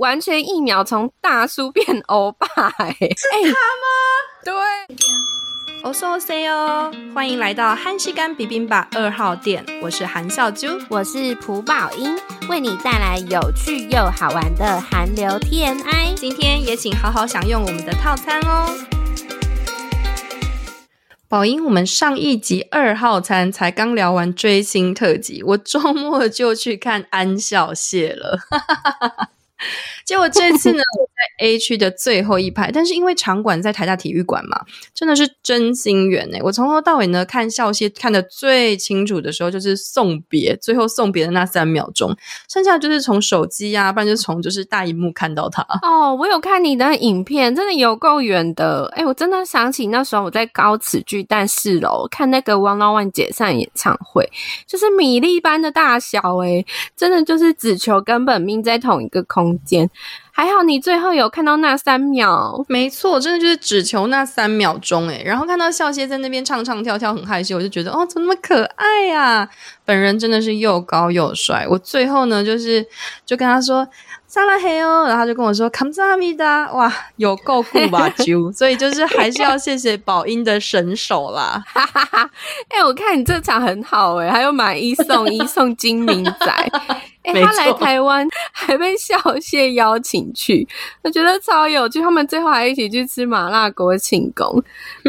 完全一秒從大叔變歐巴，是他嗎？ 對，歐 s o say 哦，歡迎來到韓食柑 bibimbap 二號店，我是韓孝珠，我是朴寶英，為你帶來有趣又好玩的韓流 TMI。今天也請好好享用我們的套餐哦。寶英，我們上一集二號餐才，才剛聊完追星特輯，我周末就去看安孝燮了。 結果這次呢，我在 A 區的最後一排， 但是因為場館在台大體育館嘛，真的是真心遠哎、欸！我從頭到尾呢看笑戲，看得最清楚的時候，就是送別最後送別的那三秒鐘，剩下就是從手機啊，不然就從就是大熒幕看到他哦。我有看你的影片，真的有夠遠的哎！我真的想起那時候我在高尺巨蛋四樓看那個 Wanna One 解散演唱會，就是米粒般的大小哎、欸，真的就是只求跟本命在同一個空間。還好你最後有看到那三秒，沒錯，真的就是只求那三秒鐘誒、欸、然後看到笑些在那邊唱唱跳跳很害羞，我就覺得哦，怎麼那麼可愛呀、啊！本人真的是又高又帥，我最後呢，就是就跟他說“撒拉嘿哦”，然後他就跟我說“康薩咪噠”，哇，有夠酷吧？就 所以就是還是要謝謝寶英的神手啦。哈哈哈。哎，我看你這場很好哎、欸，還有買一送 一送金明仔。哎、欸，他來台灣還被笑謝邀請去，我覺得超有趣。他們最後還一起去吃麻辣鍋慶功。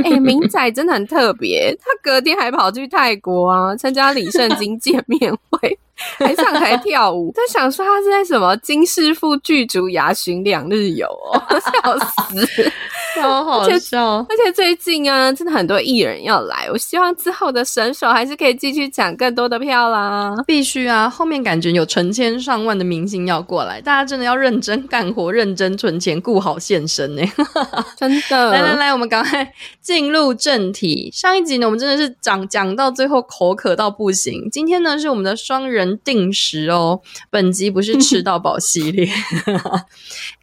哎、欸，明仔真的很特別，他隔天還跑去泰國啊參加李聖經。 見面會。 還上台跳舞，在 想說他是在什麼金師傅劇組雅巡兩日遊哦，笑死， 超好笑！而且，而且最近啊，真的很多藝人要來，我希望之後的神手還是可以繼續搶更多的票啦。必須啊，後面感覺有成千上萬的明星要過來，大家真的要認真幹活、認真存錢、顧好現身哈、欸。 真的！來來來，我們趕快進入正題。上一集呢，我們真的是講講到最後口渴到不行。今天呢，是我們的雙人定食哦，本集不是吃到飽系列。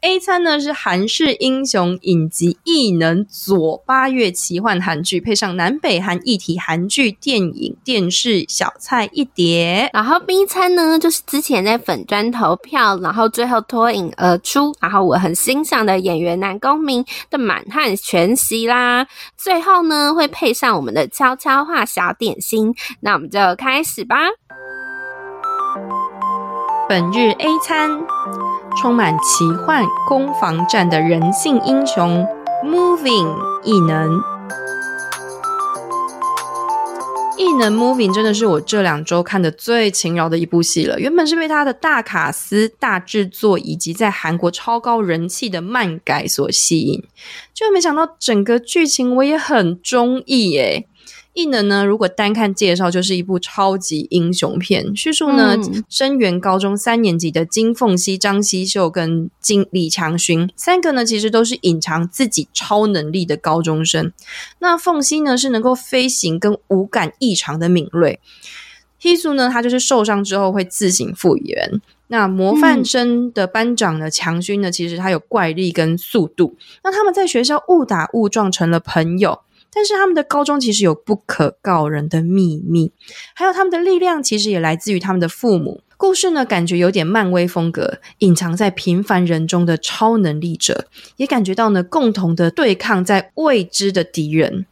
A 餐呢是韓式英雄影集異能左，八月奇幻韓劇，配上南北韓一體韓劇電影電視，小菜一碟。然後 B 餐呢就是之前在粉專投票，然後最後脫穎而出，然後我很欣賞的演員南宮珉的滿漢全席啦。最後呢會配上我們的悄悄話小點心，那我們就開始吧。本日 A 餐，充滿奇幻攻防戰的人性英雄 ，Moving 異能。異 能 Moving 真的是我這兩周看的最勤勞的一部戲了。原本是被他的大卡司、大制作以及在韓國超高人氣的漫改所吸引，就沒想到整個劇情我也很中意誒異能呢，如果單看介紹，就是一部超級英雄片。敘述呢，生源高中、嗯、三年級的金鳳熙、張熙秀跟金李強勳三個呢，其實都是隱藏自己超能力的高中生。那鳳熙呢，是能夠飛行跟五感異常的敏銳。熙秀呢，他就是受傷之後會自行復原。那模範生的班長呢、嗯，強勳呢，其實他有怪力跟速度。那他們在學校誤打誤撞成了朋友。但是他們的高中其實有不可告人的秘密，還有他們的力量其實也來自於他們的父母。故事呢，感覺有點漫威風格，隱藏在平凡人中的超能力者，也感覺到呢共同的對抗在未知的敵人。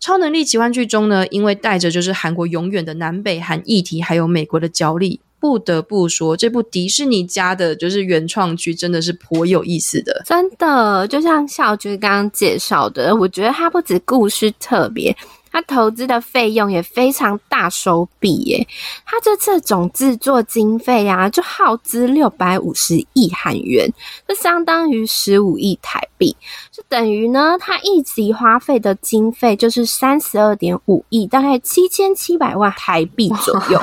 超能力奇幻劇中呢，因為帶着就是韓國永遠的南北韓議題，還有美國的角力。不得不說，這部迪士尼家的就是原創劇，真的是頗有意思的。真的，就像小啾剛剛介紹的，我覺得它不止故事特別。他投資的費用也非常大手筆耶！他這次總制作經費啊，就耗資六百五十億韓元，就相當於十五億台幣，就等於呢，他一集花費的經費就是三十二點五億，大概七千七百萬台幣左右。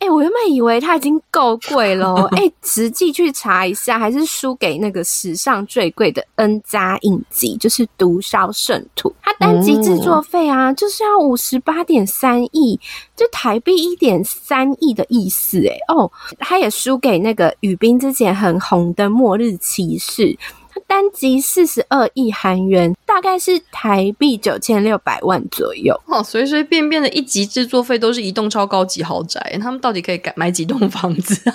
哎、 欸，我原本以為他已經夠貴了，哎、欸，實際去查一下，還是輸給那個史上最貴的 N 加影集，就是毒《毒梟聖徒》。他單集制作費啊，就是。五十八點三億，就台幣一點三億的意思，欸，誒哦，他也輸給那個宇彬之前很紅的《末日騎士》，他單集四十二億韓元。大概是台幣九千六百萬左右，哦，隨隨便便的一集制作費都是一棟超高級豪宅，他們到底可以買幾棟房子啊？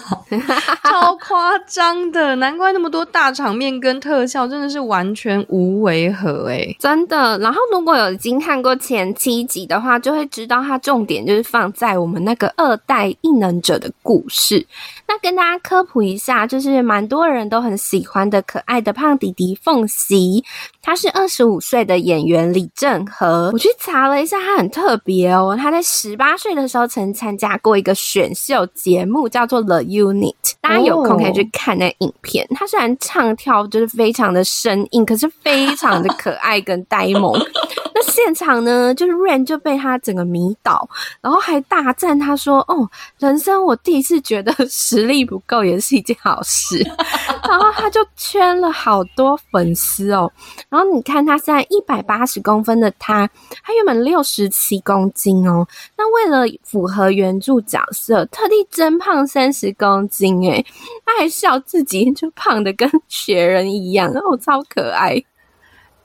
超誇張的，難怪那麼多大場面跟特效真的是完全無違和哎，真的。然後如果有已經看過前七集的話，就會知道它重點就是放在我們那個二代異能者的故事。那跟大家科普一下，就是蠻多人都很喜歡的可愛的胖弟弟鳳喜，他是二十五。五歲的演員李正和，我去查了一下，他很特別哦。他在十八歲的時候曾參加過一個選秀節目，叫做《The Unit》，大家有空可以去看那影片哦。他雖然唱跳就是非常的生硬，可是非常的可愛跟呆萌。 那現場呢，就是 Rain 就被他整個迷倒，然後還大讚他說：“哦，人生我第一次覺得實力不夠也是一件好事。 ” 然後他就圈了好多粉絲哦。然後你看他現在一百八十公分的他，他原本六十七公斤哦。那為了符合原著角色，特地增胖三十公斤誒，他還笑自己就胖的跟雪人一樣，哦，超可愛。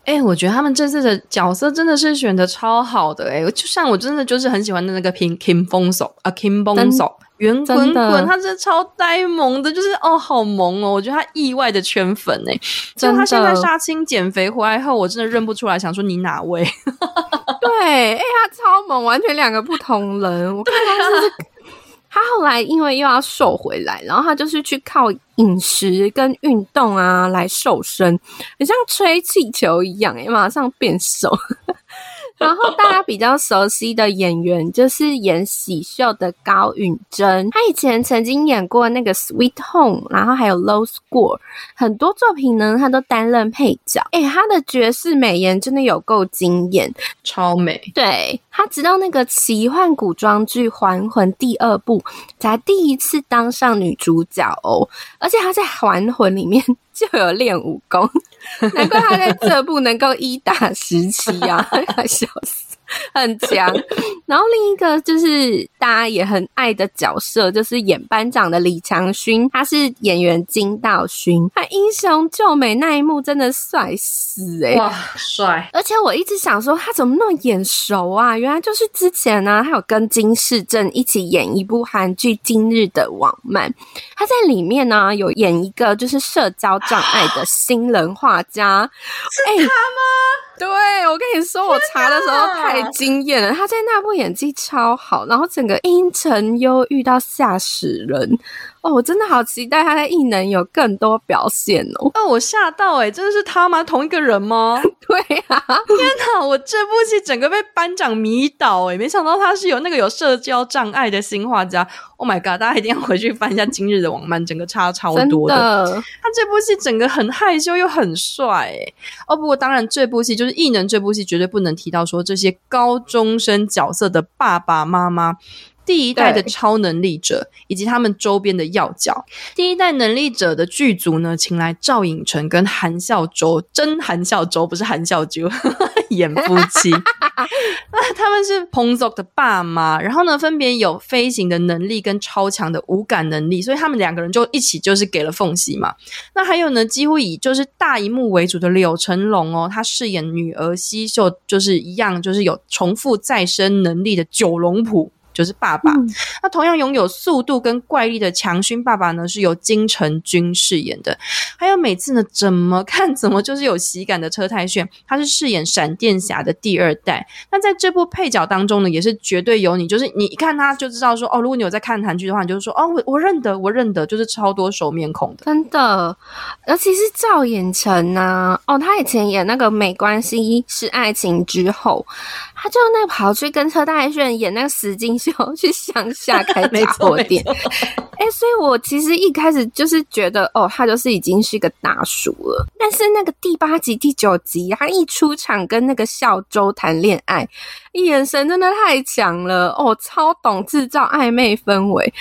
哎、欸，我覺得他們這次的角色真的是選的超好的哎、欸，就像我真的就是很喜歡的那個平 Kim Bong So，啊 Kim Bong So，圓滾滾，他真的超呆萌的，就是哦好萌哦，我覺得他意外的圈粉哎、欸，真的，他現在殺青減肥回來後，我真的認不出來，想說你哪位？ 對，哎、欸，他超萌，完全兩個不同人，我看他是。 他後來因為又要瘦回來，然後他就是去靠飲食跟運動啊來瘦身，很像吹氣球一樣欸，馬上變瘦。 然後大家比較熟悉的演員就是演喜秀的高允貞，她以前曾經演過那個《Sweet Home》，然後還有《Law School》，很多作品呢，她都擔任配角。誒，她的絕世美顏真的有夠驚豔，超美。對，她直到那個奇幻古裝劇《還魂》第二部，才第一次當上女主角哦，而且她在《還魂》裡面。就有練武功，難怪他在這部能夠一打十七啊！笑死。 很強， 然後另一個就是大家也很愛的角色，就是演班長的李強勳，他是演員金道勳。他英雄救美那一幕真的帥死誒、欸。哇，帥！而且我一直想說他怎麼那麼眼熟啊？原來就是之前呢、啊，他有跟金世正一起演一部韓劇《今日的網漫》，他在裡面呢、啊、有演一個就是社交障礙的新人畫家、欸。是他嗎？對，我跟你說，我查的時候太。太驚艷了！他在那部演技超好，然後整個陰沉憂鬱到嚇死人。哦，我真的好期待他的異能有更多表現哦！哦，我嚇到誒、欸、真的是他嗎？同一個人嗎？ 對啊！天哪，我這部戲整個被班長迷倒誒、欸、沒想到他是有那個有社交障礙的新畫家。Oh my god，大家一定要回去翻一下今日的網漫，整個差超多的。真的他這部戲整個很害羞又很帥、欸、哦，不過當然這部戲就是異能這部戲，絕對不能提到說這些高中生角色的爸爸媽媽。第一代的超能力者以及他們周邊的要角。第一代能力者的劇組呢，請來趙寅成跟韓孝周，真韓孝周不是韓孝周演夫妻， 那他們是彭祖的爸媽，然後呢，分別有飛行的能力跟超強的五感能力，所以他們兩個人就一起就是給了鳳喜嘛。那還有呢，幾乎以就是大熒幕為主的柳成龍哦，他飾演女兒西秀，就是一樣就是有重複再生能力的九龍浦，就是爸爸，嗯、那同樣擁有速度跟怪力的強勳爸爸呢，是由金成均飾演的。還有每次呢，怎麼看怎麼就是有喜感的車太鉉，他是飾演閃電俠的第二代。那在這部配角當中呢，也是絕對有你，就是你一看他就知道說哦，如果你有在看韓劇的話，你就說哦，我我認得，我認得，就是超多熟面孔的。真的，尤其是趙寅成吶，哦，他以前演那個沒關係，是愛情之後，他就那跑去跟車太鉉演那個死金。就 去鄉下開雜貨店， 哎、欸，所以我其實一開始就是覺得， 哦，他就是已經是一個大叔了。但是那個第八集、第九集，他一出場跟那個孝周談戀愛，眼神真的太強了，哦，超懂制造曖昧氛圍，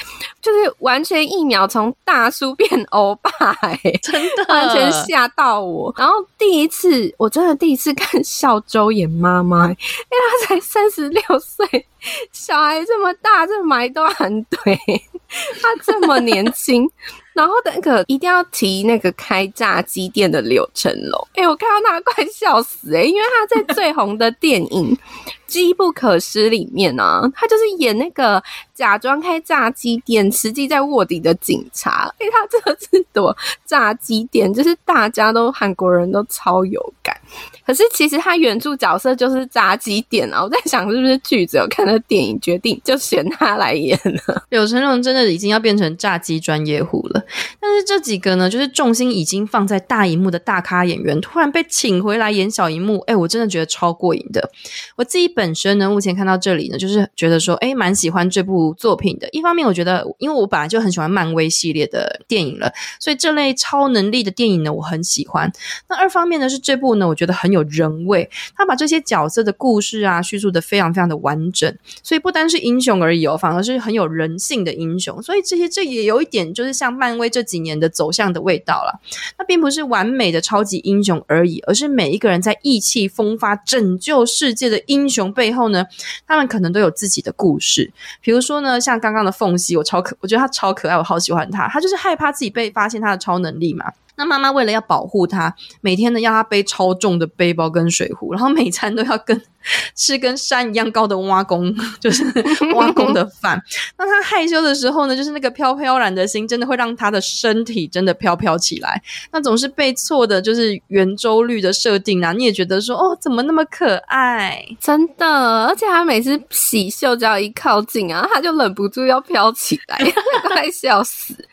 就是完全一秒從大叔變歐巴、欸，真的完全嚇到我。然後第一次，我真的第一次看孝周演媽媽、欸，因為他才三十六歲。 小孩這麼大，這埋都很對。他這麼年輕， 然後那個一定要提那個開炸雞店的柳承龍。哎、欸，我看到他快笑死、欸、因為他在最紅的電影。 機不可失，裡面呢、啊，他就是演那個假裝開炸雞店，實際在臥底的警察。因、欸、為他這個是躲炸雞店，就是大家都韓國人都超有感。可是其實他原著角色就是炸雞店啊，我在想是不是劇組看到電影決定就選他來演了、啊。柳成龍真的已經要變成炸雞專業戶了。但是這幾個呢，就是重心已經放在大熒幕的大咖演員，突然被請回來演小熒幕，哎、欸，我真的覺得超過癮的。我自己本。本身呢，目前看到這裡呢，就是覺得說，哎，蠻喜歡這部作品的。一方面，我覺得，因為我本來就很喜歡漫威系列的電影了，所以這類超能力的電影呢，我很喜歡。那二方面呢，是這部呢，我覺得很有人味，他把這些角色的故事啊，敘述得非常非常的完整，所以不單是英雄而已哦，反而是很有人性的英雄。所以這些這也有一點，就是像漫威這幾年的走向的味道了。那並不是完美的超級英雄而已，而是每一個人在意氣風發拯救世界的英雄。背後呢，他們可能都有自己的故事。比如說呢，像剛剛的鳳錫，我超可，我覺得他超可愛，我好喜歡他。他就是害怕自己被發現他的超能力嘛。那媽媽為了要保護她，每天呢要她背超重的背包跟水壺，然後每餐都要跟吃跟山一樣高的碗公，就是碗公的飯。 那她害羞的時候呢，就是那個飄飄然的心，真的會讓她的身體真的飄飄起來。那總是背錯的就是圓周率的設定啊，你也覺得說哦，怎麼那麼可愛？真的，而且她每次洗袖只要一靠近啊，她就忍不住要飄起來，快笑死！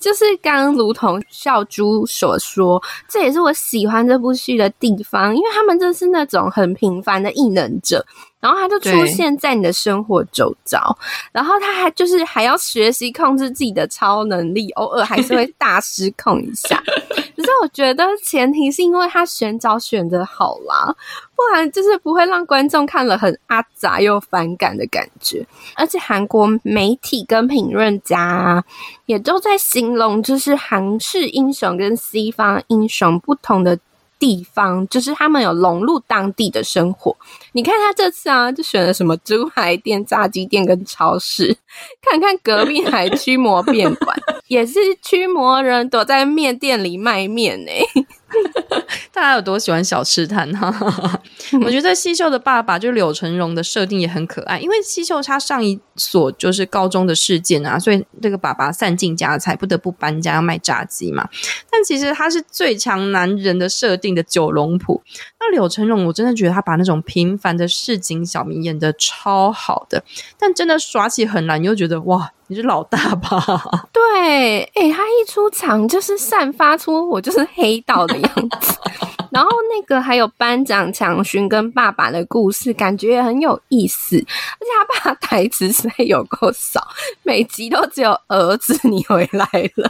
就是剛如同小啾所說，這也是我喜歡這部戲的地方，因為他們就是那種很平凡的異能者。然後他就出現在你的生活周遭，然後他還就是還要學習控制自己的超能力，偶爾還是會大失控一下。 可是我覺得前提是因為他選角選的好啦，不然就是不會讓觀眾看了很阿雜又反感的感覺。而且韓國媒體跟評論家也都在形容，就是韓式英雄跟西方英雄不同的。地方就是他們有融入當地的生活。你看他這次啊，就選了什麼珠海店、炸雞店跟超市。看看隔壁還驅魔麵館， 也是驅魔人躲在麵店裡賣麵呢、欸。 他有多喜歡小吃攤哈？呵呵 我覺得西秀的爸爸就柳承龍的設定也很可愛，因為西秀他上一所就是高中的事件啊，所以這個爸爸散盡家財，不得不搬家要賣炸雞嘛。但其實他是最強男人的設定的九龍浦。那柳承龍，我真的覺得他把那種平凡的市井小民演得超好的，但真的耍起很難，你又覺得哇，你是老大吧？對，誒、欸，他一出場就是散發出我就是黑道的樣子。 然後那個還有班長強勳跟爸爸的故事，感覺也很有意思，而且他爸台詞真有夠少，每集都只有兒子你回來了，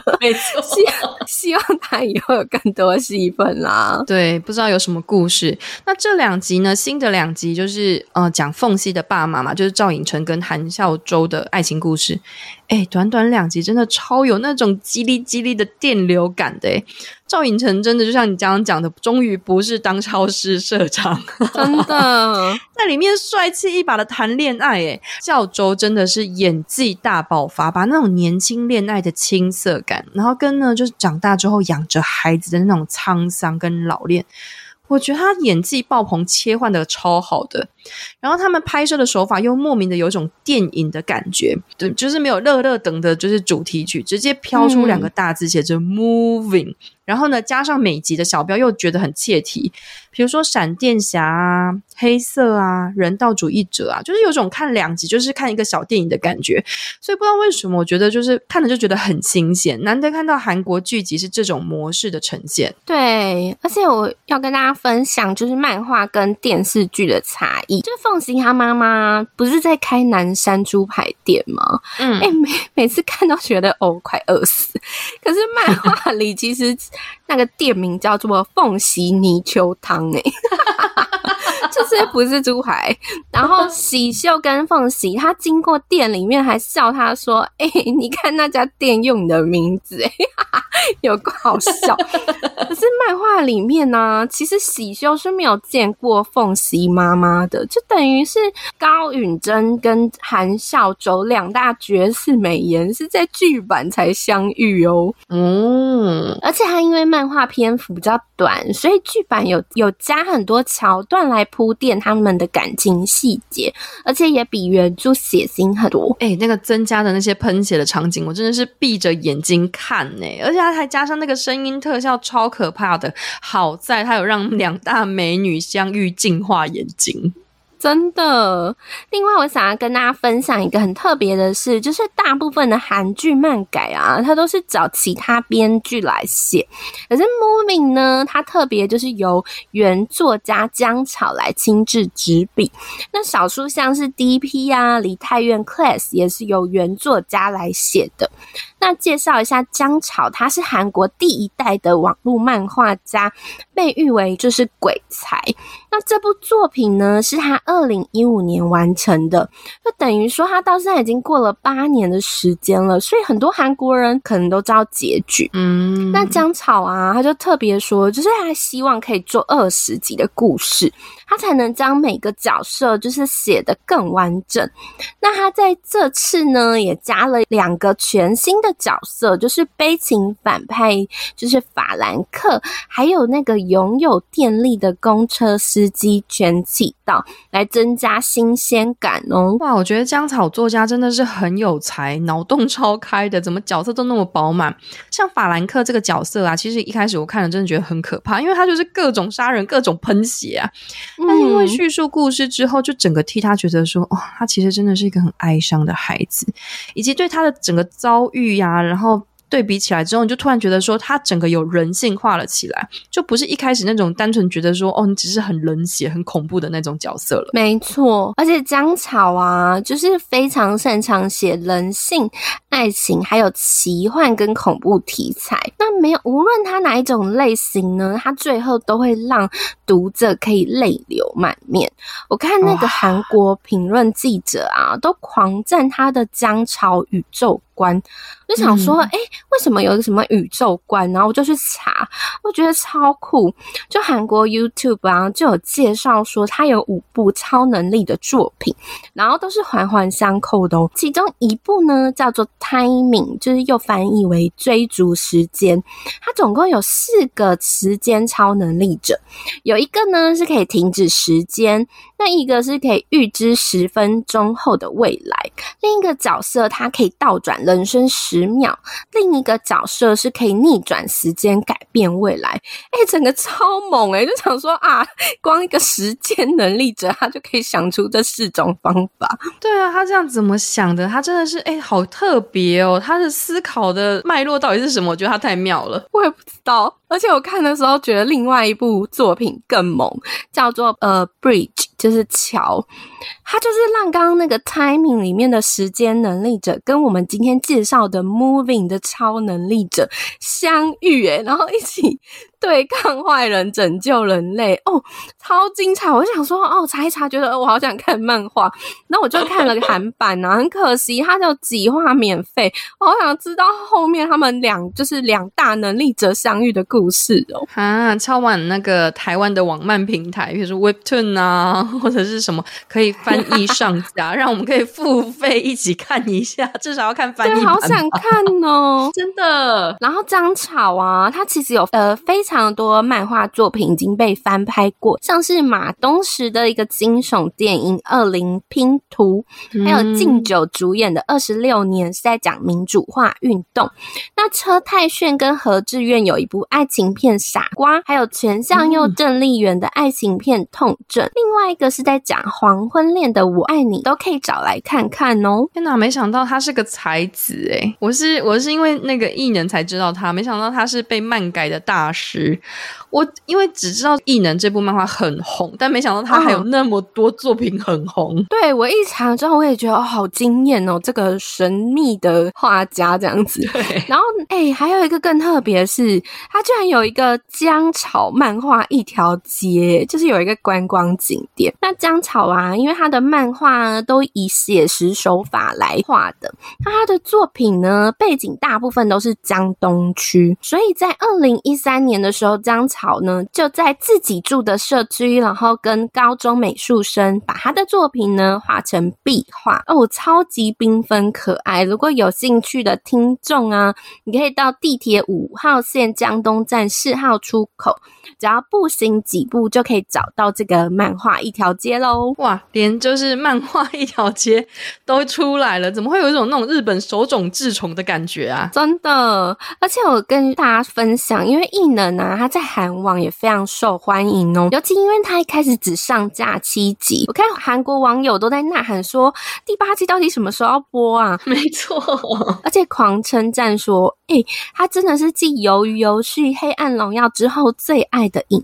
希望希望他以後有更多戲份啦。對，不知道有什麼故事。是，那這兩集呢？新的兩集就是呃，講奉石的爸媽嘛，就是趙寅成跟韓孝周的愛情故事。哎，短短兩集，真的超有那種嘰哩嘰哩的電流感的。趙寅成真的就像你剛剛講的，終於不是當超市社長，真的 在裡面帥氣一把的談戀愛。哎，孝周真的是演技大爆發，把那種年輕戀愛的青澀感，然後跟呢就是長大之後養着孩子的那種滄桑跟老練。我覺得他演技爆棚，切換得超好的，然後他們拍攝的手法又莫名的有一種電影的感覺，對，就是沒有樂樂等的，就是主題曲直接飄出兩個大字寫着、嗯就是、“moving”，然後呢加上每集的小標又覺得很切題，比如說閃電俠啊、黑色啊、人道主義者啊，就是有種看兩集就是看一個小電影的感覺，所以不知道為什麼我覺得就是看了就覺得很新鮮，難得看到韓國劇集是這種模式的呈現，對，而且我要跟大家。分享，就是漫畫跟電視劇的差異。就奉石他媽媽不是在開南山豬排店嗎？嗯，哎、欸，每每次看都覺得哦，快餓死。 可是漫畫裡其實那個店名叫做奉石泥鰍湯哎。這不是珠海， 然後喜秀跟鳳喜，他經過店裡面還笑他說：“哎、欸，你看那家店用你的名字， 有夠好笑。 ”可是漫畫裡面呢、啊，其實喜秀是沒有見過鳳喜媽媽的，就等於是高允貞跟韓孝周兩大絕世美顏是在劇版才相遇哦。嗯，而且他因為漫畫篇幅比較短，所以劇版有有加很多橋段來鋪。他們的感情細節，而且也比原著血腥很多。誒、欸，那個增加的那些噴血的場景，我真的是閉着眼睛看誒、欸，而且它還加上那個聲音特效，超可怕的。好在他有讓兩大美女相遇淨化眼睛。真的，另外我想要跟大家分享一個很特別的事，就是大部分的韓劇漫改啊，它都是找其他編劇來寫，可是《Moving》呢，它特別就是由原作家姜草來親自執筆。那少數，像是 D.P. 啊，《梨泰院 Class》也是由原作家來寫的。那介紹一下姜草，他是韓國第一代的網絡漫畫家，被譽為就是鬼才。那這部作品呢，是他二零一五年完成的，就等於說他到現在已經過了八年的時間了。所以很多韓國人可能都知道結局。嗯，那姜草啊，他就特別說，就是他希望可以做二十集的故事，他才能將每個角色就是寫得更完整。那他在這次呢，也加了兩個全新的。角色就是悲情反派，就是法蘭克，還有那個擁有電力的公車司機全起到來增加新鮮感哦。哇，我覺得江草作家真的是很有才，腦洞超開的，怎麼角色都那麼飽滿？像法蘭克這個角色啊，其實一開始我看了真的覺得很可怕，因為他就是各種殺人、各種噴血啊。但是因為敘述故事之後，就整個替他覺得說，哦，他其實真的是一個很哀傷的孩子，以及對他的整個遭遇。然後對比起來之後，你就突然覺得說，他整個有人性化了起來，就不是一開始那種單純覺得說，哦，你只是很冷血、很恐怖的那種角色了。沒錯，而且姜草啊，就是非常擅長寫人性。愛情，還有奇幻跟恐怖題材，那沒有無論它哪一種類型呢，它最後都會讓讀者可以淚流滿面。我看那個韓國評論記者啊，都狂讚他的姜潮宇宙觀。就想說，哎、嗯欸，為什麼有個什麼宇宙觀？然後我就去查，我覺得超酷。就韓國 YouTube 啊，就有介紹說他有五部超能力的作品，然後都是環環相扣的哦。其中一部呢，叫做，timing 就是又翻譯為追逐時間。它總共有四個時間超能力者，有一個呢是可以停止時間，那一個是可以預知十分鐘後的未來，另一個角色它可以倒轉人生十秒，另一個角色是可以逆轉時間改變未來。哎，整個超猛誒、欸，就想說啊，光一個時間能力者他就可以想出這四種方法。對啊，他這樣怎麼想的？他真的是哎，好特別。別哦，他的思考的脈絡到底是什麼？我覺得他太妙了，我也不知道。而且我看的時候覺得另外一部作品更猛，叫做呃《Bridge》，就是橋。他就是讓剛剛那個 timing 裡面的時間能力者跟我們今天介紹的 moving 的超能力者相遇誒、欸，然後一起對抗壞人，拯救人類哦，超精彩！我就想說哦，查一查，覺得我好想看漫畫，那我就看了韓版啊，很可惜它就幾話免費。我好想知道後面他們兩就是兩大能力者相遇的故事哦、喔、啊，抄完那個台灣的網漫平台，比如說 Webtoon 啊，或者是什麼可以翻。 意上架，讓我們可以付費一起看一下，至少要看翻譯，好想看哦， 真的。然後張草啊，他其實有呃非常多漫畫作品已經被翻拍過，像是馬東石的一個驚悚電影《二零拼圖》，還有敬酒主演的《二十六年》是在講民主化運動，嗯。那車太鉉跟何志遠有一部愛情片《傻瓜》，還有權相佑、鄭麗媛的愛情片《痛症》，嗯。另外一個是在講黃昏戀。的我愛你都可以找來看看哦！天吶，沒想到他是個才子哎！我是我是因為那個異能才知道他，沒想到他是被漫改的大師。我因為只知道異能這部漫畫很紅，但沒想到他還有那麼多作品很紅。啊、對，我一查之後，我也覺得哦，好驚艷哦！這個神秘的畫家這樣子。然後哎、欸，還有一個更特別的是，他居然有一個姜草漫畫一條街，就是有一個觀光景點。那姜草啊，因為他。的漫畫呢，都以寫實手法來畫的。那他的作品呢，背景大部分都是江東區。所以在二零一三年的時候，張草呢就在自己住的社區，然後跟高中美術生把他的作品呢畫成壁畫哦，oh, 超級繽紛可愛。如果有興趣的聽眾啊，你可以到地鐵五號線江東站四號出口，只要步行幾步就可以找到這個漫畫一條街嘍。哇，天。就是漫畫一條街都出來了，怎麼會有一種那種日本手冢治蟲的感覺啊？真的，而且我跟大家分享，因為異能啊，他在韓網也非常受歡迎哦。尤其因為他一開始只上架七集，我看韓國網友都在吶喊說，第八集到底什麼時候要播啊？沒錯，而且狂稱讚說，誒、欸，他真的是繼《魷魚遊戲》《黑暗榮耀》之後最愛的影。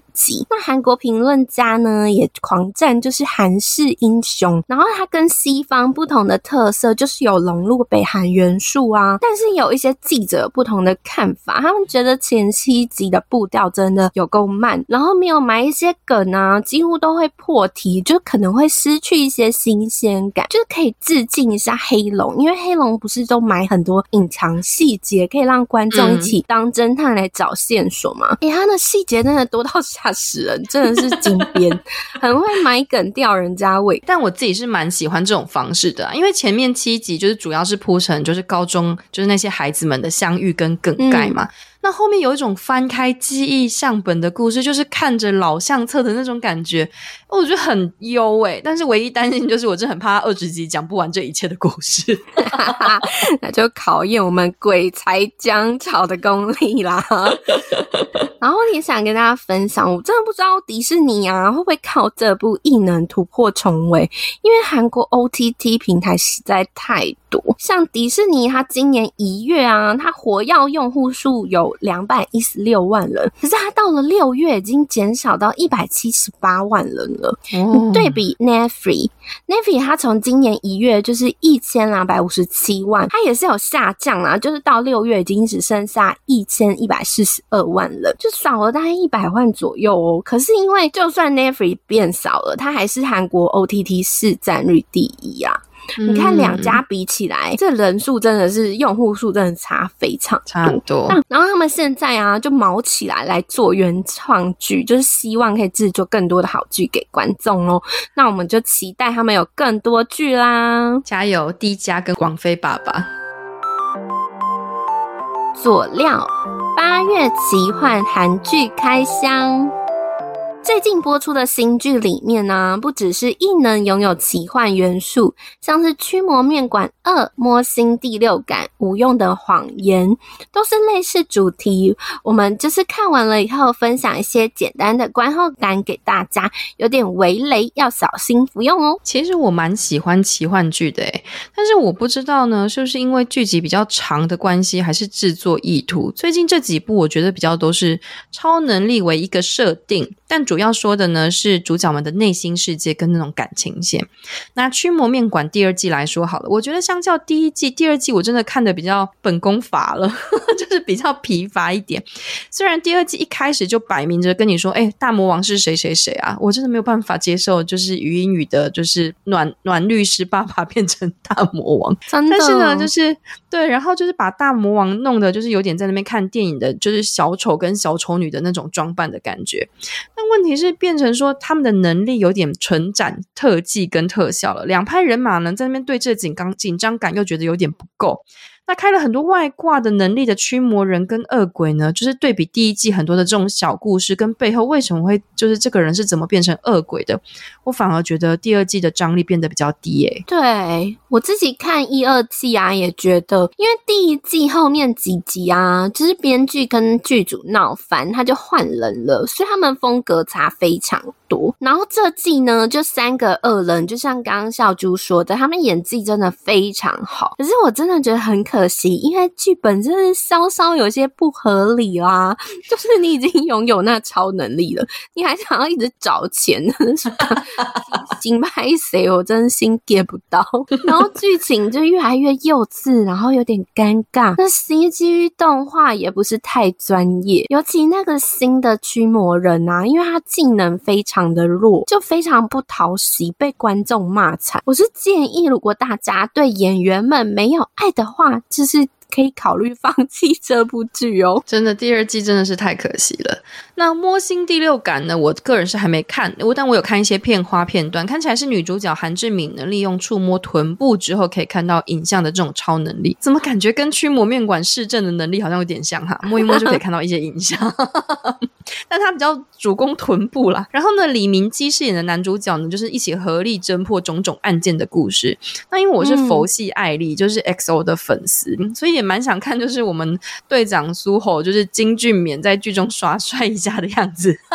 那韓國評論家呢，也狂贊，就是韓式英雄。然後他跟西方不同的特色就是有融入北韓元素啊。但是有一些記者有不同的看法，他們覺得前七集的步調真的有夠慢，然後沒有埋一些梗啊，幾乎都會破題，就可能會失去一些新鮮感。就是可以致敬一下黑龍，因為黑龍不是都埋很多隱藏細節，可以讓觀眾一起當偵探來找線索嗎？哎、嗯欸，他的細節真的多到傻。嚇死人！真的是金邊，很會買梗吊人家胃。 但我自己是蠻喜歡這種方式的，啊，因為前面七集就是主要是鋪陳，就是高中，就是那些孩子們的相遇跟梗概嘛，嗯。那後面有一種翻開記憶相本的故事，就是看着老相冊的那種感覺，我覺得很優哎、欸。但是唯一擔心就是，我真很怕二十集講不完這一切的故事， 那就考驗我們鬼才姜潮的功力啦。 然後也想跟大家分享，我真的不知道迪士尼啊會不會靠這部異能突破重圍，因為韓國 OTT 平台實在太。像迪士尼，它今年一月啊，它活躍用戶數有兩百一十六萬人，可是它到了六月已經減少到一百七十八萬人了。你、嗯、對比 Netflix，Netflix 它從今年一月就是一千兩百五十七萬，它也是有下降啊，就是到六月已經只剩下一千一百四十二萬人，就少了大概一百萬左右哦。可是因為就算 Netflix 變少了，它還是韓國 OTT 市占率第一啊。你看兩家比起來，嗯、這人數真的是用戶數真的差非常差很多，然後他們現在啊，就卯起來來做原創劇，就是希望可以製作更多的好劇給觀眾哦。那我們就期待他們有更多劇啦，加油 D 家跟廣飛爸爸，佐料八月奇幻韓劇開箱。最近播出的新劇裡面呢，不只是異能擁有奇幻元素，像是《驅魔麵館二》《摸心第六感》《無用的謊言》都是類似主題。我們就是看完了以後，分享一些簡單的觀後感給大家，有點微雷，要小心服用哦。其實我蠻喜歡奇幻劇的，欸，但是我不知道呢，是不是因為劇集比較長的關係，還是制作意圖？最近這幾部我覺得比較都是超能力為一個設定。但主要說的呢是主角們的內心世界跟那種感情線。拿《驅魔麵館》第二季來說好了，我覺得相較第一季、第二季，我真的看得比較本宮乏了， 就是比較疲乏一點。雖然第二季一開始就擺明着跟你說，哎、欸，大魔王是誰誰誰啊？我真的沒有辦法接受，就是余英語的，就是暖暖律師爸爸變成大魔王。但是呢，就是對，然後就是把大魔王弄得就是有點在那邊看電影的，就是小丑跟小丑女的那種裝扮的感覺。但問題是，變成說他們的能力有點純展特技跟特效了，兩派人馬呢在那邊對峙，緊剛緊張感又覺得有點不夠。那開了很多外掛的能力的驅魔人跟惡鬼呢，就是對比第一季很多的這種小故事跟背後為什麼會就是這個人是怎麼變成惡鬼的，我反而覺得第二季的張力變得比較低誒、欸。對我自己看一二季啊，也覺得因為第一季後面幾集啊，就是編劇跟劇組鬧翻，他就換人了，所以他們風格差非常多。然後這季呢，就三個惡人，就像剛剛小啾說的，他們演技真的非常好，可是我真的覺得很可。可惜，因為劇本真的稍稍有些不合理啦、啊。就是你已經擁有那超能力了，你還想要一直找錢呢？緊拍誰？我真心 get 不到。 然後劇情就越來越幼稚，然後有點尷尬。那 CG 動畫也不是太專業，尤其那個新的驅魔人啊，因為他技能非常的弱，就非常不討喜，被觀眾罵慘。我是建議，如果大家對演員們沒有愛的話，就是可以考慮放棄這部劇哦，真的，第二季真的是太可惜了。那《摸心第六感》呢？我個人是還沒看，但我有看一些片花片段，看起來是女主角韓志敏能利用觸摸臀部之後可以看到影像的這種超能力，怎麼感覺跟驅魔麵館市政的能力好像有點像哈？摸一摸就可以看到一些影像。 但他比較主攻臀部啦。然後呢，李明基飾演的男主角呢，就是一起合力偵破種種案件的故事。那因為我是佛系愛麗、嗯，就是 XO 的粉絲，所以也蠻想看，就是我們隊長蘇侯，就是金俊勉在劇中耍帥一下的樣子。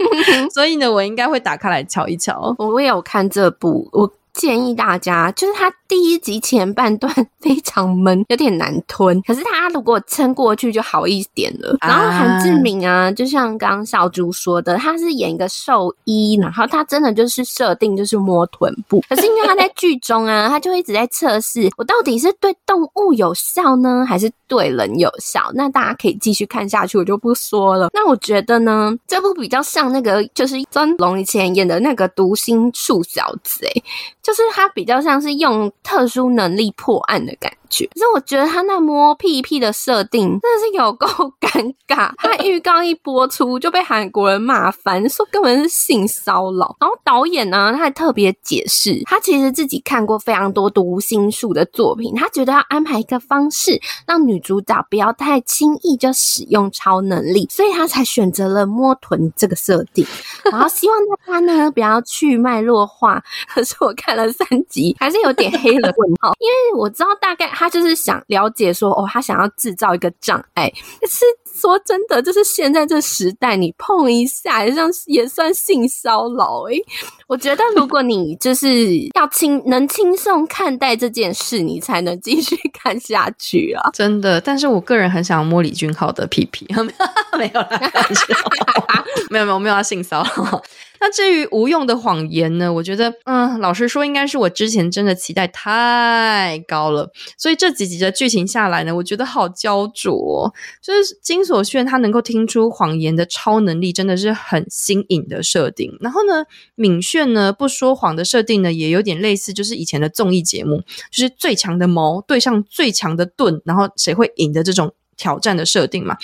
所以呢，我應該會打開來瞧一瞧。我也有看這部，我。建議大家，就是他第一集前半段非常悶，有點難吞。可是他如果撐過去就好一點了。然後韓志明啊，就像剛小豬說的，他是演一個獸醫，然後他真的就是設定就是摸臀部。可是因為他在劇中啊， 他就一直在測試我到底是對動物有效呢，還是對人有效？那大家可以繼續看下去，我就不說了。那我覺得呢，這部比較像那個，就是張龍以前演的那個《獨心術小子、欸》哎。就是他比較像是用特殊能力破案的感覺，可是我覺得他那摸屁屁的設定真的是有夠尷尬。他預告一播出就被韓國人罵翻，說根本是性騷擾。然後導演呢、啊，他還特別解釋，他其實自己看過非常多讀心術的作品，他覺得要安排一個方式讓女主角不要太輕易就使用超能力，所以他才選擇了摸臀這個設定。然後希望大家呢不要去脈絡化。可是我看。看了三集，還是有點黑了問號， 因為我知道大概他就是想了解說，哦，他想要制造一個障礙，就是。說真的，就是現在這時代，你碰一下也也算性騷擾哎、欸。我覺得如果你就是要輕 能輕鬆看待這件事，你才能繼續看下去啊。真的，但是我個人很想摸李俊浩的屁屁， 沒有啦， 沒有，沒有要性騷擾。那 至於《無用的謊言》呢？我覺得，嗯，老實說，應該是我之前真的期待太高了，所以這幾集的劇情下來呢，我覺得好焦灼、哦，就是今。金所炫他能夠聽出謊言的超能力真的是很新穎的設定。然後呢，敏炫呢不說謊的設定呢，也有點類似，就是以前的綜藝節目，就是最強的矛對上最強的盾，然後誰會贏的這種挑戰的設定嘛。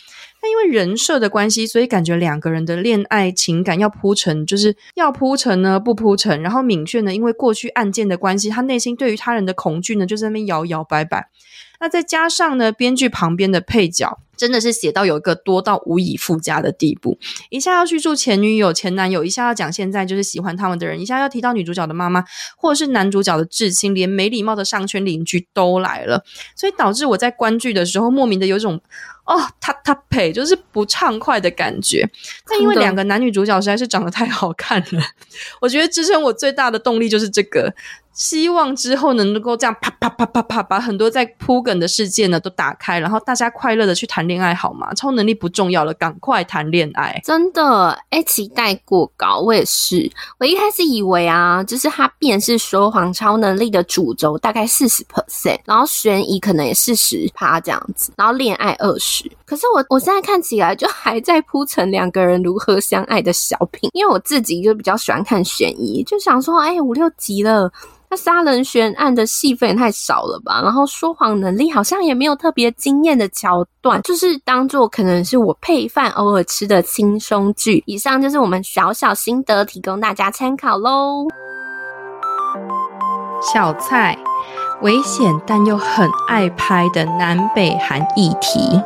那因為人設的關係，所以感覺兩個人的戀愛情感要鋪陳，就是要鋪陳呢，不鋪陳。然後敏炫呢，因為過去案件的關係，他內心對於他人的恐懼呢，就是、在那邊搖搖擺擺，擺。那再加上呢，編劇旁邊的配角真的是寫到有一個多到無以復加的地步，一下要去住前女友、前男友，一下要講現在就是喜歡他們的人，一下要提到女主角的媽媽或者是男主角的至親，連沒禮貌的上圈鄰居都來了，所以導致我在觀劇的時候莫名的有一種哦，他他配就是不暢快的感覺。那因為兩個男女主角實在是長得太好看了， 我覺得支撐我最大的動力就是這個。希望之後能夠這樣啪啪啪啪啪，把很多在鋪梗的事件呢都打開，然後大家快樂的去談戀愛，好嗎？超能力不重要了，趕快談戀愛！真的，哎、欸，期待過高，我也是。我一開始以為啊，就是他變是說謊超能力的主軸，大概四十 percent，然後懸疑可能也四十趴這樣子，然後戀愛二十。可是我我現在看起來就還在鋪陳兩個人如何相愛的小品，因為我自己就比較喜歡看懸疑，就想說，哎、欸，五六集了，那殺人懸案的戲份也太少了吧？然後說謊能力好像也沒有特別驚艷的橋段，就是當做可能是我配飯偶爾吃的輕鬆劇。以上就是我們小小心得，提供大家參考嘍。小菜危險但又很愛拍的南北韓議題。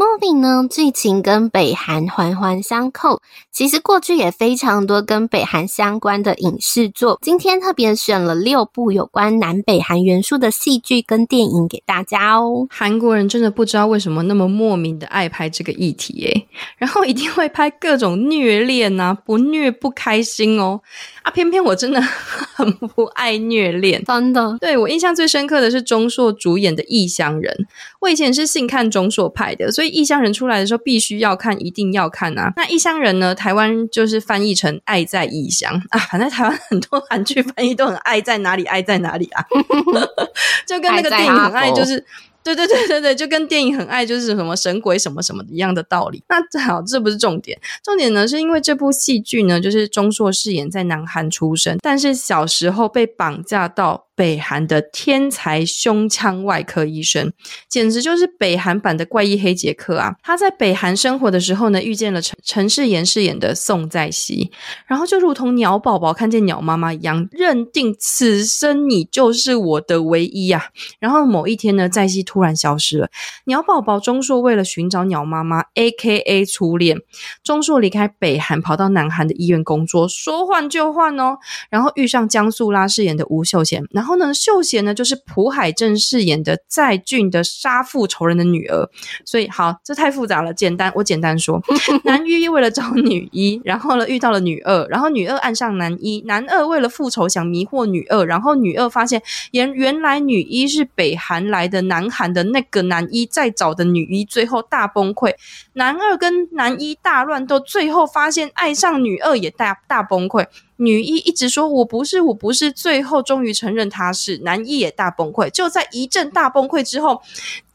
movie 呢，劇情跟北韓環環相扣。其實過去也非常多跟北韓相關的影視作。今天特別選了六部有關南北韓元素的戲劇跟電影給大家哦。韓國人真的不知道為什麼那麼莫名的愛拍這個議題，哎，然後一定會拍各種虐戀啊，不虐不開心哦。啊，偏偏我真的很不愛虐戀，真的。對，我印象最深刻的是鍾碩主演的《異鄉人》，我以前是信看鍾碩拍的，所以。異鄉人出來的時候必須要看，一定要看啊！那異鄉人呢？台灣就是翻譯成“愛在異鄉”啊，反正台灣很多韓劇翻譯都很“愛在哪裡，愛在哪裡”啊， 就跟那個電影《很愛》就是，對對對對對，就跟電影《很愛》就是什麼神鬼什麼什麼一樣的道理。那好，這不是重點，重點呢是因為這部戲劇呢，就是鍾碩飾演在南韓出生，但是小時候被綁架到。北韓的天才胸腔外科醫生，簡直就是北韓版的怪醫黑傑克啊！他在北韓生活的時候呢，遇見了陳陳世妍飾演的宋在熙，然後就如同鳥寶寶看見鳥媽媽一樣，認定此生你就是我的唯一啊！然後某一天呢，在熙突然消失了，鳥寶寶鍾碩為了尋找鳥媽媽 （A.K.A. 初戀），鍾碩離開北韓，跑到南韓的醫院工作，說換就換哦！然後遇上姜素拉飾演的吳秀賢，然後。然後呢，秀賢呢就是朴海鎮飾演的在俊的殺父仇人的女兒。所以好，這太複雜了。簡單，我簡單說： 男一為了找女一，然後呢遇到了女二，然後女二愛上男一。男二為了復仇，想迷惑女二，然後女二發現原原來女一是北韓來的，南韓的那個男一在找的女一，最後大崩潰。男二跟男一大亂鬥，最後發現愛上女二也大大崩潰。女一一直說我不是，我不是，最後終於承認她是。男一也大崩潰，就在一陣大崩潰之後，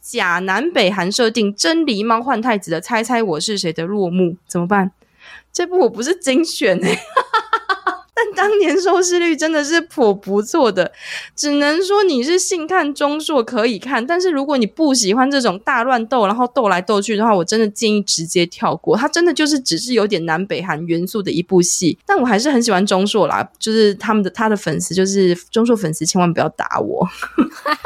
假南北韓設定，真狸貓換太子的，猜猜我是誰的落幕怎麼辦？這部我不是精選、欸、哈哈哈哈。但當年收視率真的是頗不錯的，只能說你是性看鍾碩可以看，但是如果你不喜歡這種大亂鬥，然後鬥來鬥去的話，我真的建議直接跳過。他真的就是只是有點南北韓元素的一部戲，但我還是很喜歡鍾碩啦，就是他們的他的粉絲就是鍾碩粉絲，千萬不要打我。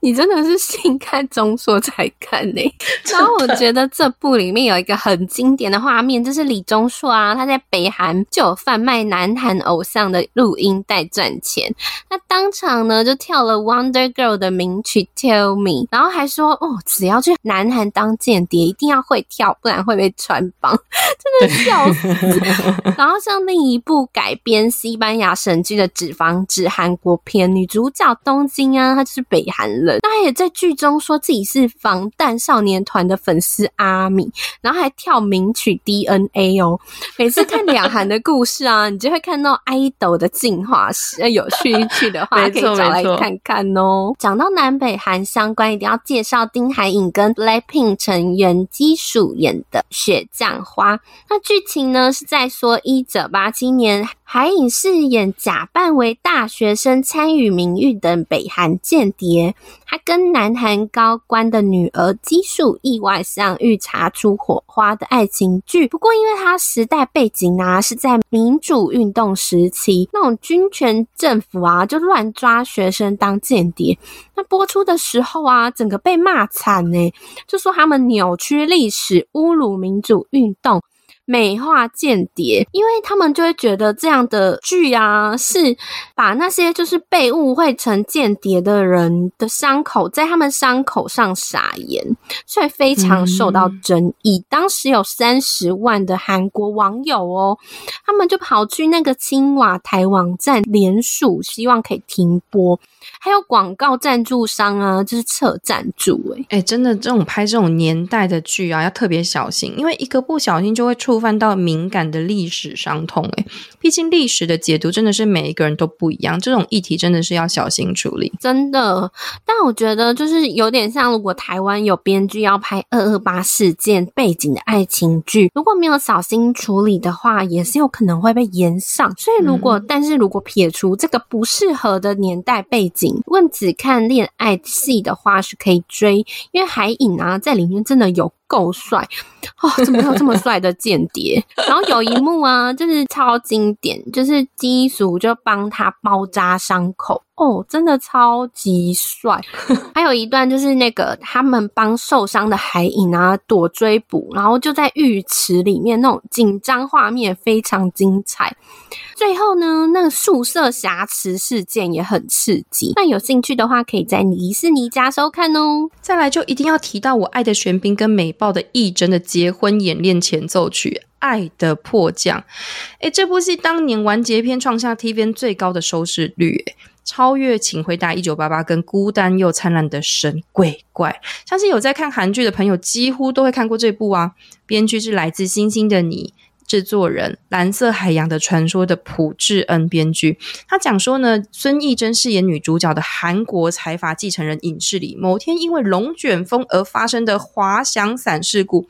你真的是性看鍾碩才看呢、欸？那我覺得這部裡面有一個很經典的畫面，就是李鍾碩啊，他在北韓就有販賣南韓。偶像的錄音帶賺錢，那當場呢就跳了 Wonder Girl 的名曲 Tell Me，然後還說哦，只要去南韓當間諜，一定要會跳，不然會被穿幫， 真的笑死。 然後像另一部改編西班牙神劇的《紙房子》韓國篇，女主角東京啊，她就是北韓人。他也在劇中說自己是防彈少年團的粉絲阿米，然後還跳名曲 DNA 哦。每次看兩韓的故事啊， 你就會看到愛豆的進化史。要有興趣，趣的話，可以找來看看哦。講到南北韓相關，一定要介紹丁海寅跟 BLACKPINK 成員智秀演的《雪降花》。那劇情呢是在說1987年。海穎飾演假扮為大學生參與名譽的北韓間諜，他跟南韓高官的女兒智秀意外相遇，擦出火花的愛情劇。不過，因為他時代背景啊，是在民主運動時期，那種軍權政府啊，就亂抓學生當間諜。那播出的時候啊，整個被罵慘欸，就說他們扭曲歷史、侮辱民主運動。美化間諜，因為他們就會覺得這樣的劇啊，是把那些就是被誤會成間諜的人的傷口，在他們傷口上撒鹽，所以非常受到爭議。嗯、當時有三十萬的韓國網友哦、喔，他們就跑去那個青瓦台網站聯署，希望可以停播，還有廣告贊助商啊，就是撤贊助、欸。哎、欸、哎，真的這種拍這種年代的劇啊，要特別小心，因為一個不小心就會出。觸犯到敏感的歷史傷痛、欸，哎，畢竟歷史的解讀真的是每一個人都不一樣，這種議題真的是要小心處理，真的。但我覺得就是有點像，如果台灣有編劇要拍二二八事件背景的愛情劇，如果沒有小心處理的話，也是有可能會被炎上。所以如果、嗯，但是如果撇除這個不適合的年代背景，如果只看戀愛戲的話，是可以追，因為海影啊在裡面真的有。夠帥啊！怎麼有這麼帥的間諜？ 然後有一幕啊，就是超經典，就是金叔就幫他包扎傷口。哦，真的超級帥！ 還有一段就是那個他們幫受傷的海影啊躲追捕，然後就在浴池裡面那種緊張畫面非常精彩。最後呢，那個宿舍挾持事件也很刺激。那有興趣的話，可以在迪士尼家收看哦。再來就一定要提到我愛的玄彬跟美爆的藝珍的結婚演練前奏曲《愛的迫降》。哎、欸，這部戲當年完結篇創下 TVN 最高的收視率，欸。超越，請回答一九八八，跟孤單又燦爛的神鬼怪，相信有在看韓劇的朋友，幾乎都會看過這部啊。編劇是來自《星星的你》，制作人《藍色海洋的傳說》的朴智恩編劇。他講說呢，孫藝珍飾演女主角的韓國財閥繼承人，影視裡某天因為龍捲風而發生的滑翔傘事故。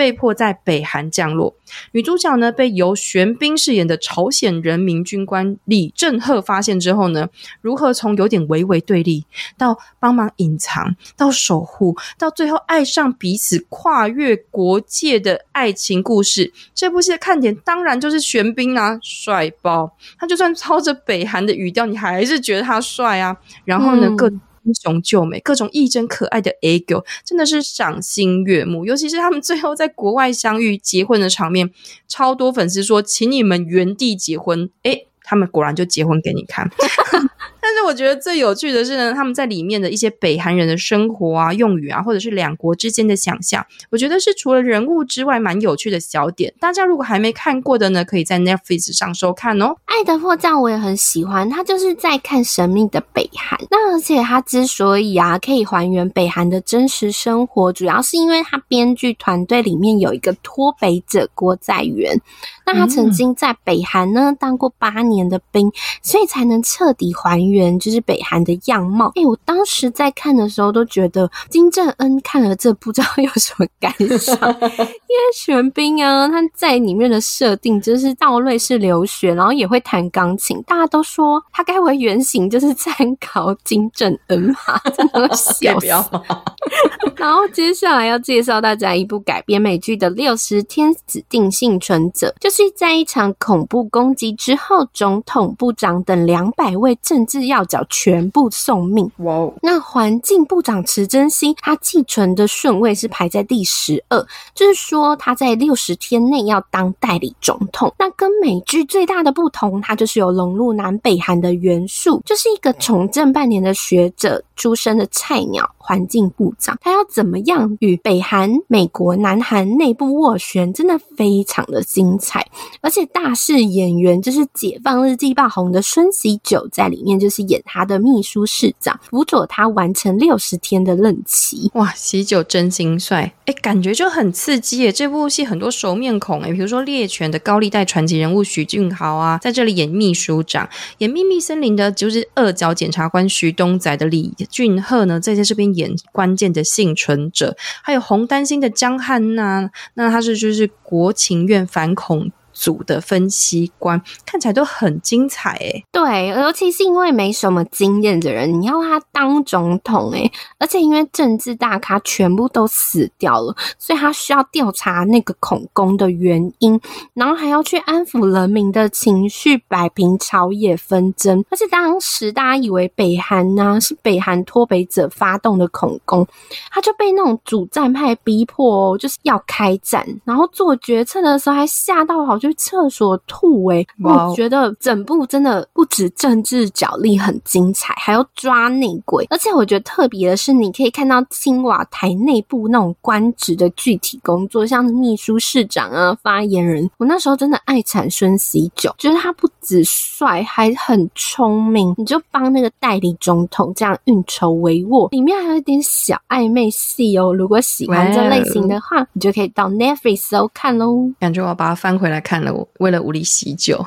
被迫在北韓降落，女主角呢，被由玄彬飾演的朝鮮人民軍官李正赫發現之後呢，如何從有點微微對立到幫忙隱藏，到守護，到最後愛上彼此，跨越國界的愛情故事。這部戲的看點當然就是玄彬啊，帥包！他就算操着北韓的語調，你還是覺得他帥啊。然後呢，各、嗯。英雄救美，各種一真可愛的愛狗，真的是賞心悅目。尤其是他們最後在國外相遇、結婚的場面，超多粉絲說：“請你們原地結婚！”欸他們果然就結婚給你看 但是我覺得最有趣的是呢，他們在裡面的一些北韓人的生活啊、用語啊，或者是兩國之間的想象，我覺得是除了人物之外蠻有趣的小點。大家如果還沒看過的呢，可以在 Netflix 上收看哦。愛的迫降我也很喜歡，他就是在看神秘的北韓。那而且他之所以啊可以還原北韓的真實生活主，主要是因為他編劇團隊裡面有一個脫北者郭在元。那他曾經在北韓呢、嗯、當過八年。的冰，所以才能徹底還原就是北韓的樣貌。哎、欸，我當時在看的時候都覺得金正恩看了這部，不知道有什麼感想。 因為玄彬啊，他在裡面的設定就是到瑞士留學，然後也會彈鋼琴。大家都說他該為原型，就是參考金正恩嘛，這麼小。然後接下來要介紹大家一部改編美劇的《六十天指定倖存者》，就是在一場恐怖攻擊之後中。總統部長等兩百位政治要角全部送命。哇哦！那環境部長池珍熙，他繼承的順位是排在第十二，就是說他在六十天內要當代理總統。那跟美劇最大的不同，它就是有融入南北韓的元素，就是一個從政半年的學者。出生的菜鳥環境部長，他要怎麼樣與北韓、美國、南韓內部斡旋，真的非常的精彩。而且大勢演員就是《解放日記》爆紅的孫喜九在裡面，就是演他的秘書室長，輔佐他完成六十天的任期。哇，喜九真心帥，誒，感覺就很刺激誒。這部戲很多熟面孔，誒，比如說《獵犬》的高利貸傳奇人物許俊豪啊，在這裡演秘書長，演《秘密森林》的就是二角檢察官徐東宰的李俊赫呢在在這邊演關鍵的幸存者，還有紅丹心的薑漢娜、啊，那他是就是國情院反恐。主的分析官看起來都很精彩哎、欸，對，尤其是因為沒什麼經驗的人，你要他當總統哎、欸，而且因為政治大咖全部都死掉了，所以他需要調查那個恐攻的原因，然後還要去安撫人民的情緒，擺平朝野紛爭。而且當時大家以為北韓呢、啊、是北韓脫北者發動的恐攻，他就被那種主戰派逼迫哦、喔，就是要開戰，然後做決策的時候還嚇到好像。去廁所突圍、欸，wow. 我覺得整部真的不止政治角力很精彩，還要抓內鬼。而且我覺得特別的是，你可以看到青瓦台內部那種官職的具體工作，像是秘書、市長啊、發言人。我那時候真的愛慘孫錫九覺得、就是、他不止帥，還很聰明。你就幫那個代理總統這樣運籌帷幄，裡面還有一點小曖昧戲哦。如果喜歡這類型的話，well. 你就可以到 Netflix、哦、看嘍。感覺我要把它翻回來看。看了我為了無理喜酒，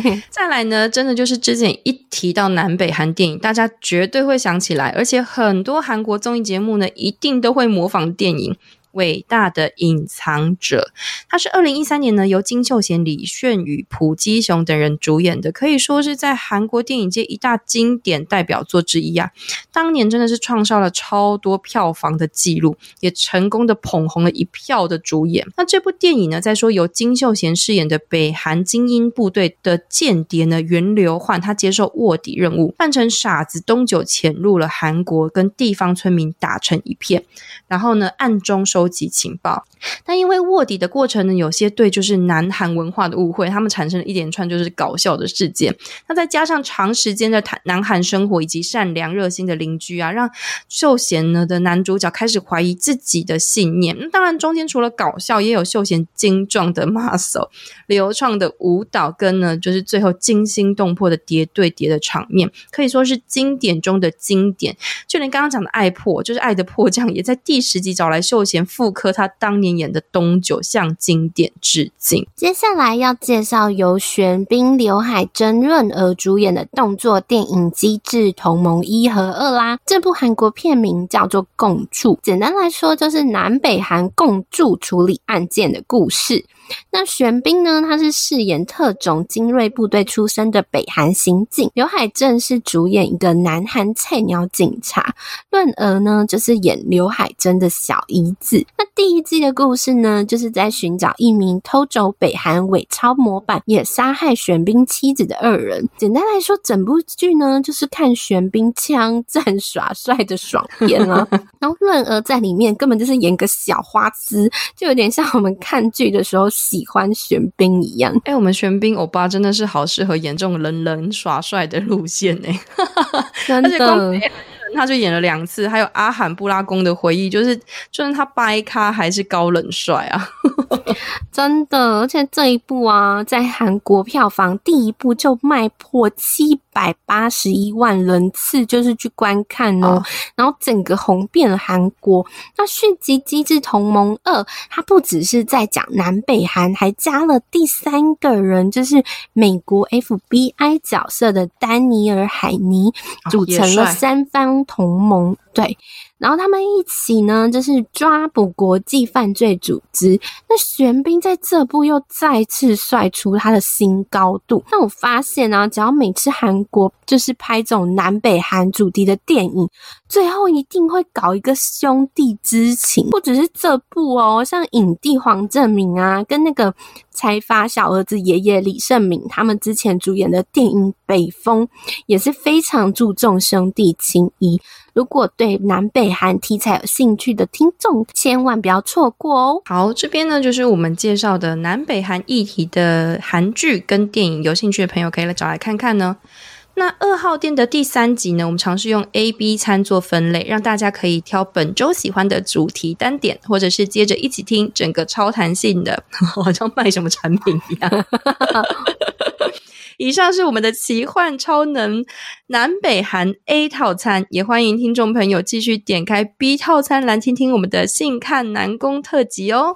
再來呢，真的就是之前一提到南北韓電影，大家絕對會想起來，而且很多韓國綜藝節目呢，一定都會模仿電影。偉大的隱藏者，他是二零一三年呢由金秀賢、李炫宇、朴基雄等人主演的，可以說是在韓國電影界一大經典代表作之一啊。當年真的是創造了超多票房的記錄，也成功的捧紅了一票的主演。那這部電影呢，在說由金秀賢飾演的北韓精英部隊的間諜呢元流煥，他接受臥底任務，扮成傻子東九潛入了韓國，跟地方村民打成一片，然後呢暗中收。收集情報，但因為臥底的過程呢，有些對就是南韓文化的誤會，他們產生了一連串就是搞笑的事件。那再加上長時間的南韓生活以及善良熱心的鄰居啊，讓秀賢呢的男主角開始懷疑自己的信念。那當然中間除了搞笑，也有秀賢精壯的 muscle、流暢的舞蹈，跟呢就是最後驚心動魄的疊對疊的場面，可以說是經典中的經典。就連剛剛講的愛迫，就是愛的迫降，也在第十集找來秀賢。複刻他當年演的東九，向經典致敬。接下來要介紹由玄彬、劉海貞、潤娥主演的動作電影機制《機智同盟一和二》啦。這部韓國片名叫做《共助》，簡單來說就是南北韓共助處理案件的故事。那玄彬呢？他是飾演特種精銳部隊出身的北韓刑警，劉海鎮是主演一個南韓菜鳥警察，潤娥呢就是演劉海鎮的小姨子。那第一季的故事呢，就是在尋找一名偷走北韓偽鈔模板，也殺害玄彬妻子的惡人。簡單來說，整部劇呢就是看玄彬槍戰耍帥的爽片了，啊。 然後潤娥在裡面根本就是演個小花痴，就有點像我們看劇的時候喜歡玄彬一樣，哎、欸，我們玄彬歐巴真的是好適合演這種冷冷耍帥的路線呢， 真的。他就演了兩次，還有阿罕布拉宮的回憶，就是，就是他掰咖還是高冷帥啊。 真的，而且這一部啊，在韓國票房第一部就賣破七百八十一萬人次，就是去觀看哦。Oh. 然後整個紅遍了韓國。那續集《機智同盟二》，它不只是在講南北韓，還加了第三個人，就是美國 FBI 角色的丹尼爾·海尼，oh, 組成了三方同盟。對。然後他們一起呢，就是抓捕國際犯罪組織。那玄彬在這部又再次帥出他的新高度。那我發現呢、啊，只要每次韓國就是拍這種南北韓主題的電影，最後一定會搞一個兄弟之情。不只是這部哦，像影帝黃正明啊，跟那個。財閥小兒子爺爺李星民，他們之前主演的電影《北風》也是非常注重兄弟情誼。如果對南北韓題材有興趣的聽眾，千萬不要錯過哦。好，這邊呢，就是我們介紹的南北韓議題的韓劇跟電影，有興趣的朋友可以來找來看看呢。那二號店的第三集呢？我們嘗試用 A、B 餐做分類，讓大家可以挑本周喜歡的主題單點，或者是接着一起聽整個超彈性的，好像賣什麼產品一樣。 以上是我們的奇幻超能南北韓 A 套餐，也歡迎聽眾朋友繼續點開 B 套餐來聽聽我們的信看南宮特輯哦。